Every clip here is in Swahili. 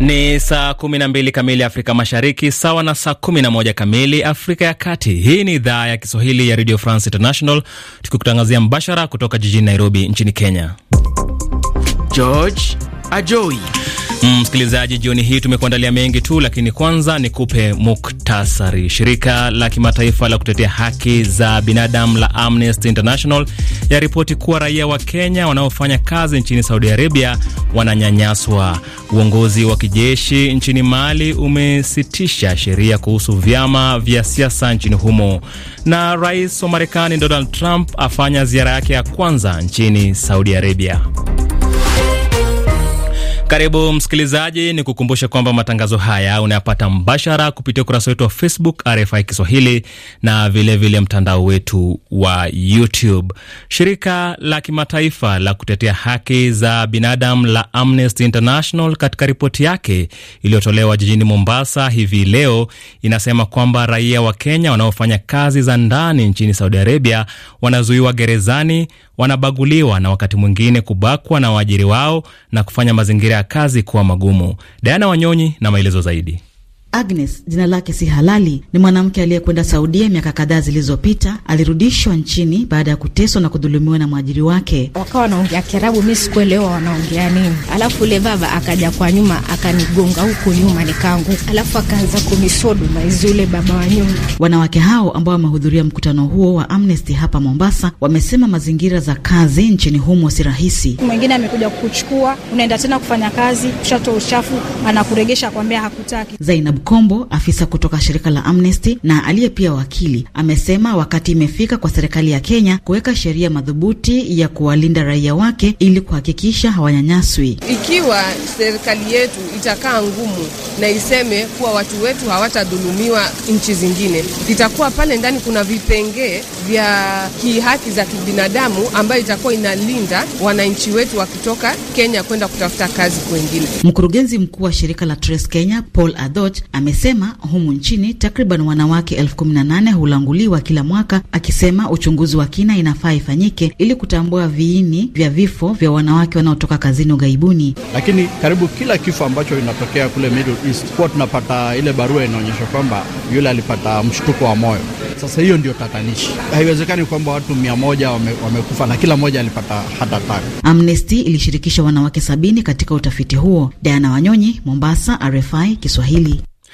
Ni saa 12 kamili Afrika Mashariki, sawa na saa 11 kamili Afrika ya Kati. Hii ni idhaa ya Kiswahili ya Radio France International, tukikutangazia mbashara kutoka jijini Nairobi nchini Kenya. George Ajoi Mm, msikilizaji mm, jioni hii tumekuandalia mengi tu, lakini kwanza nikupe muktasari. Shirika la kimataifa la kutetea haki za binadamu la Amnesty International yaripoti kuwa raia wa Kenya wanaofanya kazi nchini Saudi Arabia wananyanyaswa. Uongozi wa kijeshi nchini Mali umesitisha sheria kuhusu vyama vya siasa nchini humo, na rais wa Marekani Donald Trump afanya ziara yake ya kwanza nchini Saudi Arabia. Karibu msikilizaji, ni kukumbusha kwamba matangazo haya unayapata mbashara kupitia ukurasa wetu wa Facebook RFI Kiswahili na vilevile mtandao wetu wa YouTube. Shirika la kimataifa la kutetea haki za binadamu la Amnesty International katika ripoti yake iliyotolewa jijini Mombasa hivi leo inasema kwamba raia wa Kenya wanaofanya kazi za ndani nchini Saudi Arabia wanazuiwa gerezani wanabaguliwa na wakati mwingine kubakwa na waajiri wao na kufanya mazingira ya kazi kuwa magumu. Diana Wanyonyi na maelezo zaidi. Agnes jina lake si halali, ni mwanamke aliyekwenda Saudia miaka kadhaa zilizopita. Alirudishwa nchini baada ya kuteswa na kudhulumiwa na mwajiri wake. Wakawa wanaongea Kiarabu, mi sikuelewa wanaongea nini. Alafu ule baba akaja kwa nyuma akanigonga huku nyuma, nikaanguka, alafu akaanza kunisodoma maizi ule baba wa nyuma. Wanawake hao ambao wamehudhuria mkutano huo wa Amnesty hapa Mombasa wamesema mazingira za kazi nchini humo si rahisi. Mwingine amekuja kukuchukua, unaenda tena kufanya kazi, kushatoa uchafu, anakuregesha kwambia hakutaki Zainab Mkombo, afisa kutoka shirika la Amnesty na aliye pia wakili, amesema wakati imefika kwa serikali ya Kenya kuweka sheria madhubuti ya kuwalinda raia wake ili kuhakikisha hawanyanyaswi. Ikiwa serikali yetu itakaa ngumu na iseme kuwa watu wetu hawatadhulumiwa nchi zingine, itakuwa pale ndani kuna vipengee vya kihaki za kibinadamu ambayo itakuwa inalinda wananchi wetu wakitoka Kenya kwenda kutafuta kazi kwengine. Mkurugenzi mkuu wa shirika la Trace Kenya Paul Adot Amesema humu nchini takriban wanawake elfu kumi na nane hulanguliwa kila mwaka, akisema uchunguzi wa kina inafaa ifanyike ili kutambua viini vya vifo vya wanawake wanaotoka kazini ughaibuni. Lakini karibu kila kifo ambacho inatokea kule Middle East huwa tunapata ile barua inaonyesha kwamba yule alipata mshtuko wa moyo. Sasa hiyo ndio tatanishi. Haiwezekani kwamba watu mia moja wame, wamekufa na kila mmoja alipata hata tano. Amnesty ilishirikisha wanawake sabini katika utafiti huo. Diana Wanyonyi, Mombasa, RFI Kiswahili.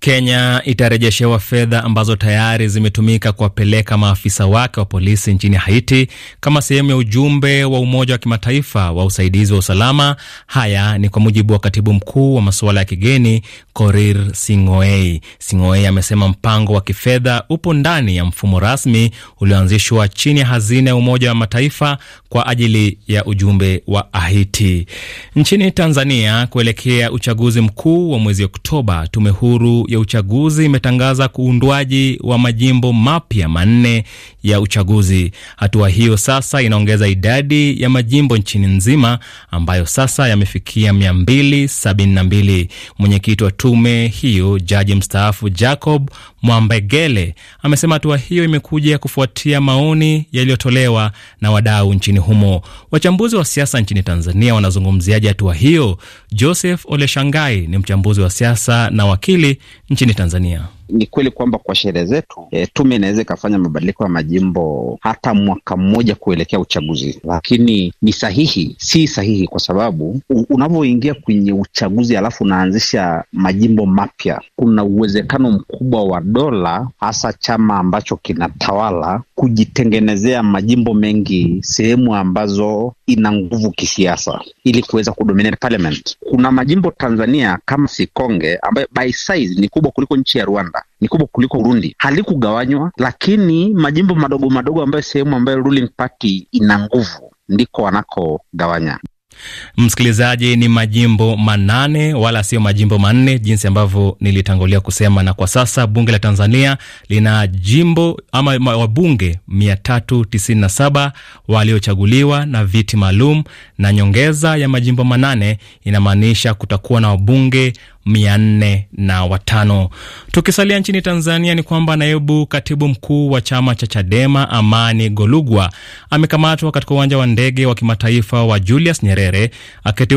Kenya itarejeshewa fedha ambazo tayari zimetumika kuwapeleka maafisa wake wa polisi nchini Haiti kama sehemu ya ujumbe wa Umoja wa Kimataifa wa usaidizi wa usalama. Haya ni kwa mujibu wa katibu mkuu wa masuala ya kigeni Korir Singoei. Singoei amesema mpango wa kifedha upo ndani ya mfumo rasmi ulioanzishwa chini ya hazina ya Umoja wa Mataifa kwa ajili ya ujumbe wa Haiti. Nchini Tanzania, kuelekea uchaguzi mkuu wa mwezi Oktoba, tume huru ya uchaguzi imetangaza kuundwaji wa majimbo mapya manne ya uchaguzi. Hatua hiyo sasa inaongeza idadi ya majimbo nchini nzima ambayo sasa yamefikia 272. Mwenyekiti wa tume hiyo, jaji mstaafu Jacob Mwambegele amesema hatua hiyo imekuja kufuatia maoni yaliyotolewa na wadau nchini humo. Wachambuzi wa siasa nchini Tanzania wanazungumziaje hatua hiyo? Joseph Oleshangai ni mchambuzi wa siasa na wakili nchini Tanzania. Ni kweli kwamba kwa sherehe zetu e, tume inaweza ikafanya mabadiliko ya majimbo hata mwaka mmoja kuelekea uchaguzi, lakini ni sahihi si sahihi? Kwa sababu unavyoingia kwenye uchaguzi alafu unaanzisha majimbo mapya, kuna uwezekano mkubwa wa dola, hasa chama ambacho kinatawala kujitengenezea majimbo mengi sehemu ambazo ina nguvu kisiasa ili kuweza kudominate parliament. Kuna majimbo Tanzania kama Sikonge ambayo by size ni kubwa kuliko nchi ya Rwanda, ni kubwa kuliko Burundi, halikugawanywa, lakini majimbo madogo madogo ambayo sehemu ambayo ruling party ina nguvu ndiko wanakogawanya. Msikilizaji, ni majimbo manane wala sio majimbo manne, jinsi ambavyo nilitangulia kusema. Na kwa sasa bunge la Tanzania lina jimbo ama wabunge 397 waliochaguliwa na viti maalum, na nyongeza ya majimbo manane inamaanisha kutakuwa na wabunge mia nne na watano. Tukisalia nchini Tanzania, ni kwamba naibu katibu mkuu wa chama cha Chadema Amani Golugwa amekamatwa katika uwanja wa ndege wa kimataifa wa Julius Nyerere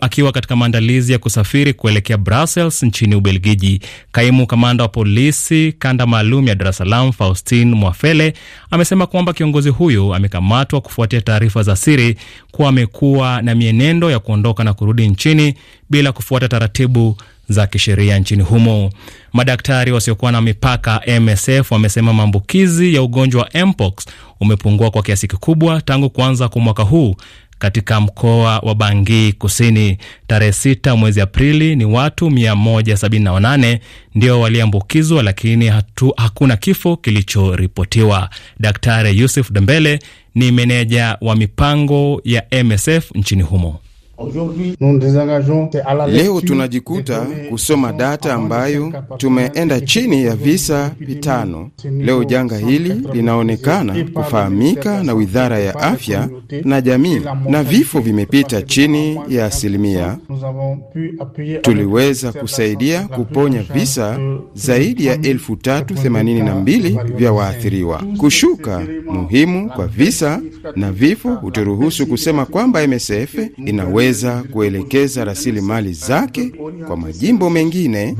akiwa katika maandalizi ya kusafiri kuelekea Brussels nchini Ubelgiji. Kaimu kamanda wa polisi kanda maalum ya Dar es Salaam Faustin Mwafele amesema kwamba kiongozi huyo amekamatwa kufuatia taarifa za siri kuwa amekuwa na mienendo ya kuondoka na kurudi nchini bila kufuata taratibu za kisheria nchini humo. Madaktari wasiokuwa na mipaka MSF wamesema maambukizi ya ugonjwa wa mpox umepungua kwa kiasi kikubwa tangu kuanza kwa mwaka huu katika mkoa wa Bangi Kusini. Tarehe 6 mwezi Aprili ni watu 178 ndio waliambukizwa, lakini hatu, hakuna kifo kilichoripotiwa. Daktari Yusuf Dembele ni meneja wa mipango ya MSF nchini humo. Leo tunajikuta kusoma data ambayo tumeenda chini ya visa vitano. Leo janga hili linaonekana kufahamika na Wizara ya Afya na Jamii, na vifo vimepita chini ya asilimia. Tuliweza kusaidia kuponya visa zaidi ya elfu tatu themanini na mbili vya waathiriwa. Kushuka muhimu kwa visa na vifo huturuhusu kusema kwamba MSF inaweza inaweza kuelekeza rasilimali zake kwa majimbo mengine.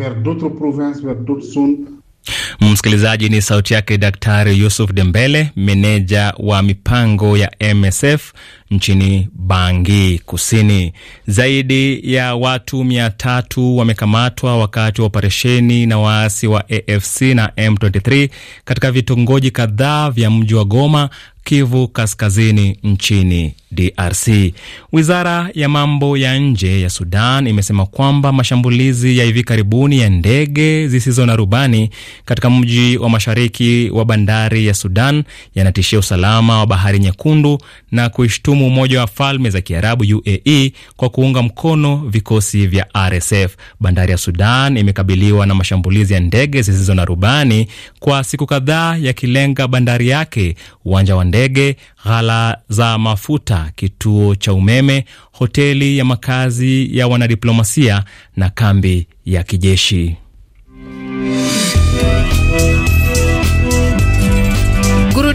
Msikilizaji, ni sauti yake Daktari Yusuf Dembele, meneja wa mipango ya MSF nchini Bangi Kusini. Zaidi ya watu mia tatu wamekamatwa wakati wa operesheni na waasi wa AFC na M23 katika vitongoji kadhaa vya mji wa Goma, Kivu Kaskazini nchini DRC. Wizara ya mambo ya nje ya Sudan imesema kwamba mashambulizi ya hivi karibuni ya ndege zisizo na rubani katika mji wa mashariki wa bandari ya Sudan yanatishia usalama wa Bahari Nyekundu na kuishtumu umeushutumu Umoja wa Falme za Kiarabu UAE kwa kuunga mkono vikosi vya RSF. Bandari ya Sudan imekabiliwa na mashambulizi ya ndege zisizo na rubani kwa siku kadhaa yakilenga bandari yake, uwanja wa ndege, ghala za mafuta, kituo cha umeme, hoteli ya makazi ya wanadiplomasia na kambi ya kijeshi.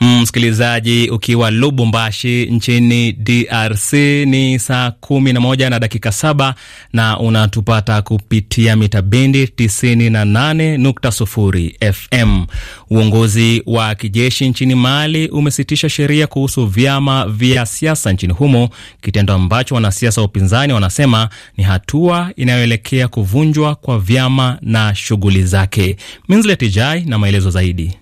Mm, msikilizaji, ukiwa Lubumbashi nchini DRC ni saa kumi na moja na dakika saba na unatupata kupitia mita bendi 98.0 FM. Uongozi wa kijeshi nchini Mali umesitisha sheria kuhusu vyama vya siasa nchini humo, kitendo ambacho wanasiasa wa upinzani wanasema ni hatua inayoelekea kuvunjwa kwa vyama na shughuli zake. Minzletijai na maelezo zaidi.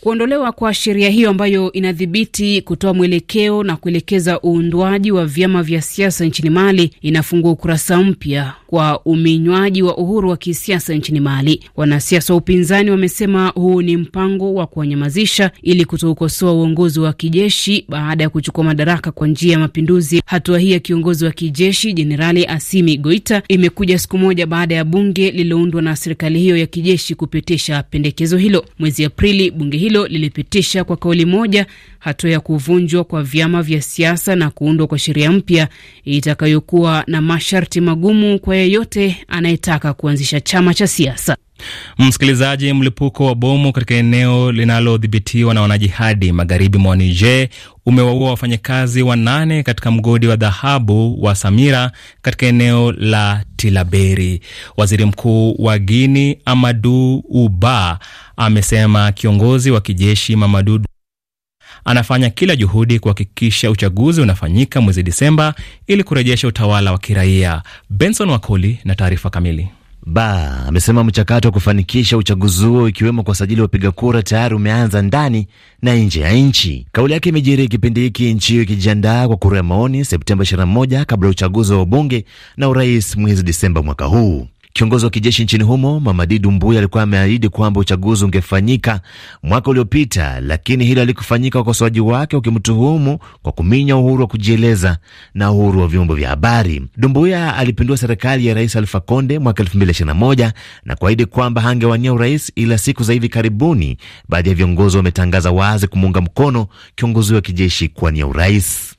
Kuondolewa kwa sheria hiyo ambayo inadhibiti kutoa mwelekeo na kuelekeza uundwaji wa vyama vya siasa nchini Mali inafungua ukurasa mpya kwa uminywaji wa uhuru wa kisiasa nchini Mali. Wanasiasa wa upinzani wamesema huu ni mpango wa kuwanyamazisha ili kutoukosoa uongozi wa kijeshi baada ya kuchukua madaraka kwa njia ya mapinduzi. Hatua hii ya kiongozi wa kijeshi Jenerali Asimi Goita imekuja siku moja baada ya bunge lililoundwa na serikali hiyo ya kijeshi kupitisha pendekezo hilo mwezi Aprili. Bunge hilo lilipitisha kwa kauli moja hatua ya kuvunjwa kwa vyama vya siasa na kuundwa kwa sheria mpya itakayokuwa na masharti magumu kwa yeyote anayetaka kuanzisha chama cha siasa. Msikilizaji, mlipuko wa bomu katika eneo linalodhibitiwa na wanajihadi magharibi mwa Niger umewaua wafanyakazi wanane katika mgodi wa dhahabu wa Samira katika eneo la Tilaberi. Waziri Mkuu wa Guini Amadu Uba amesema kiongozi wa kijeshi mamadudu anafanya kila juhudi kuhakikisha uchaguzi unafanyika mwezi Disemba ili kurejesha utawala wa kiraia. Benson Wakoli na taarifa kamili. Ba amesema mchakato wa kufanikisha uchaguzi huo ikiwemo kwa sajili wapiga kura tayari umeanza ndani na nje ya nchi. Kauli yake imejiri kipindi hiki nchi hiyo ikijiandaa kwa kura ya maoni Septemba 21 kabla ya uchaguzi wa ubunge na urais mwezi Disemba mwaka huu. Kiongozi wa kijeshi nchini humo Mamadi dumbuya alikuwa ameahidi kwamba uchaguzi ungefanyika mwaka uliopita, lakini hilo halikufanyika, ukosoaji wake ukimtuhumu kwa kuminya uhuru wa kujieleza na uhuru wa vyombo vya habari. dumbuya alipindua serikali ya Rais Alfa Konde mwaka 2021 na kuahidi kwamba hangewania urais, ila siku za hivi karibuni baadhi ya viongozi wametangaza wazi kumuunga mkono kiongozi wa kijeshi kuwania urais.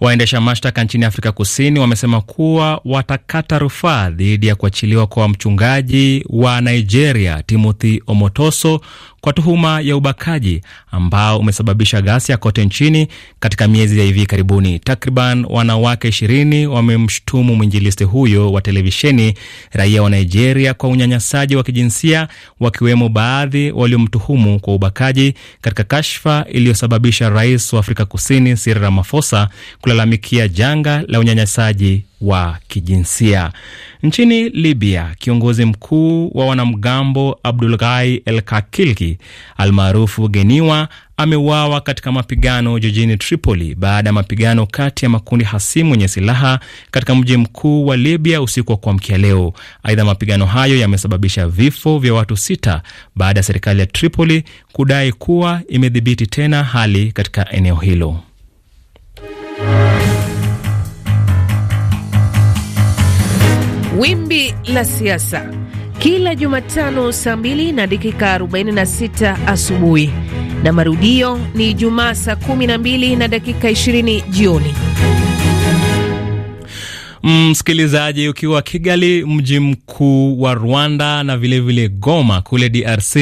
Waendesha mashtaka nchini Afrika Kusini wamesema kuwa watakata rufaa dhidi ya kuachiliwa kwa mchungaji wa Nigeria Timothy Omotoso kwa tuhuma ya ubakaji ambao umesababisha ghasia kote nchini katika miezi ya hivi karibuni. Takriban wanawake ishirini wamemshutumu mwinjilisti huyo wa televisheni raia wa Nigeria kwa unyanyasaji wa kijinsia, wakiwemo baadhi waliomtuhumu kwa ubakaji katika kashfa iliyosababisha rais wa Afrika Kusini Cyril Ramaphosa kulalamikia janga la unyanyasaji wa kijinsia. Nchini Libya, kiongozi mkuu wa wanamgambo Abdul Ghai El Kakilki almaarufu Geniwa ameuawa katika mapigano jijini Tripoli baada ya mapigano kati ya makundi hasimu yenye silaha katika mji mkuu wa Libya usiku wa kuamkia leo. Aidha, mapigano hayo yamesababisha vifo vya watu sita baada ya serikali ya Tripoli kudai kuwa imedhibiti tena hali katika eneo hilo. Wimbi la siasa kila Jumatano saa 2 na dakika 46 asubuhi na marudio ni Ijumaa saa 12 na dakika 20 jioni. Msikilizaji, ukiwa Kigali, mji mkuu wa Rwanda, na vilevile vile Goma kule DRC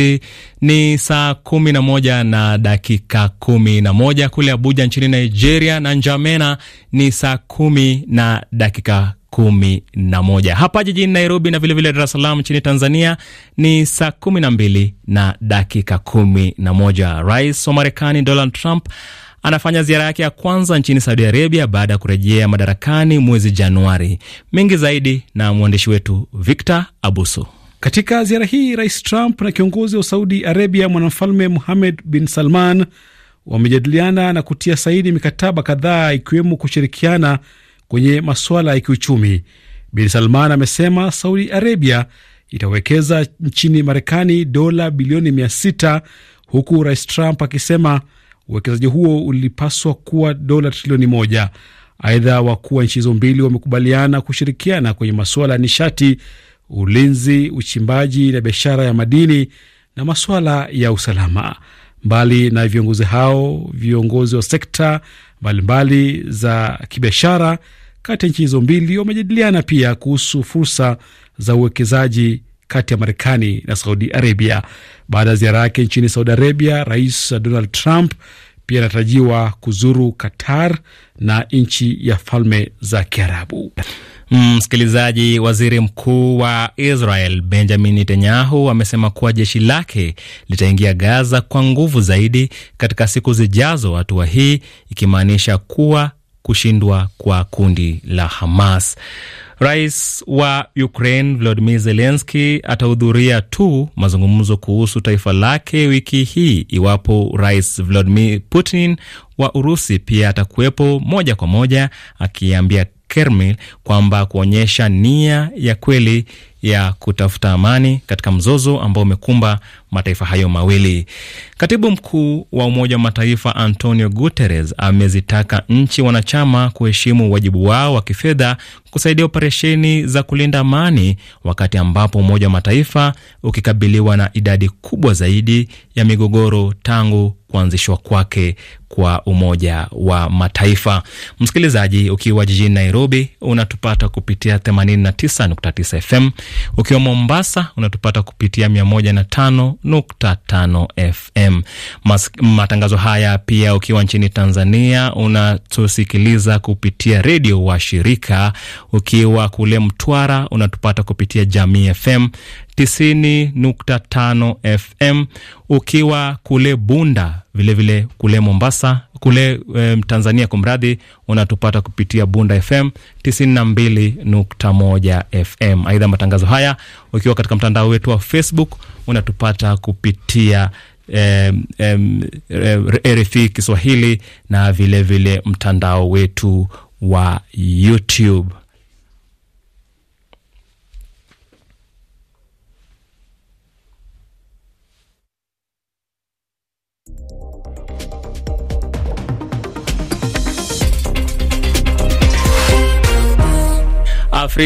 ni saa kumi na moja na dakika kumi na moja kule Abuja nchini Nigeria, na Njamena ni saa kumi na dakika kumi na moja hapa jijini Nairobi na vilevile Dar es Salaam nchini Tanzania ni saa kumi na mbili na dakika kumi na moja. Rais wa Marekani Donald Trump anafanya ziara yake ya kwanza nchini Saudi Arabia baada ya kurejea madarakani mwezi Januari. Mengi zaidi na mwandishi wetu Victor Abuso. Katika ziara hii, Rais Trump na kiongozi wa Saudi Arabia mwanamfalme Muhamed bin Salman wamejadiliana na kutia saini mikataba kadhaa ikiwemo kushirikiana kwenye masuala ya kiuchumi. Bin Salman amesema Saudi Arabia itawekeza nchini Marekani dola bilioni mia sita huku Rais Trump akisema uwekezaji huo ulipaswa kuwa dola trilioni moja. Aidha, wakuu wa nchi hizo mbili wamekubaliana kushirikiana kwenye masuala ya nishati, ulinzi, uchimbaji na biashara ya madini na masuala ya usalama. Mbali na viongozi hao, viongozi wa sekta mbalimbali za kibiashara kati ya nchi hizo mbili. Wamejadiliana pia kuhusu fursa za uwekezaji kati ya Marekani na Saudi Arabia. Baada ya ziara yake nchini Saudi Arabia, Rais Donald Trump pia anatarajiwa kuzuru Qatar na nchi ya Falme za Kiarabu. Mm, msikilizaji, waziri mkuu wa Israel Benjamin Netanyahu amesema kuwa jeshi lake litaingia Gaza kwa nguvu zaidi katika siku zijazo, hatua hii ikimaanisha kuwa kushindwa kwa kundi la Hamas. Rais wa Ukraine Volodymyr Zelensky atahudhuria tu mazungumzo kuhusu taifa lake wiki hii iwapo Rais Vladimir Putin wa Urusi pia atakuwepo moja kwa moja akiambia Kermel kwamba kuonyesha nia ya kweli ya kutafuta amani katika mzozo ambao umekumba mataifa hayo mawili. Katibu mkuu wa Umoja wa Mataifa Antonio Guterres amezitaka nchi wanachama kuheshimu wajibu wao wa kifedha kusaidia operesheni za kulinda amani, wakati ambapo Umoja wa Mataifa ukikabiliwa na idadi kubwa zaidi ya migogoro tangu kuanzishwa kwake kwa Umoja wa Mataifa. Msikilizaji, ukiwa jijini Nairobi unatupata kupitia 89.9 FM ukiwa Mombasa unatupata kupitia 105.5 FM. Mas, matangazo haya pia ukiwa nchini Tanzania unatusikiliza kupitia redio wa shirika. Ukiwa kule Mtwara unatupata kupitia Jamii FM 90.5 FM. Ukiwa kule Bunda vilevile vile kule Mombasa kule e, Tanzania kumradhi, unatupata kupitia Bunda FM 92.1 FM. Aidha, matangazo haya ukiwa katika mtandao wetu wa Facebook unatupata kupitia um, um, eh, RFI Kiswahili na vilevile vile mtandao wetu wa YouTube. África.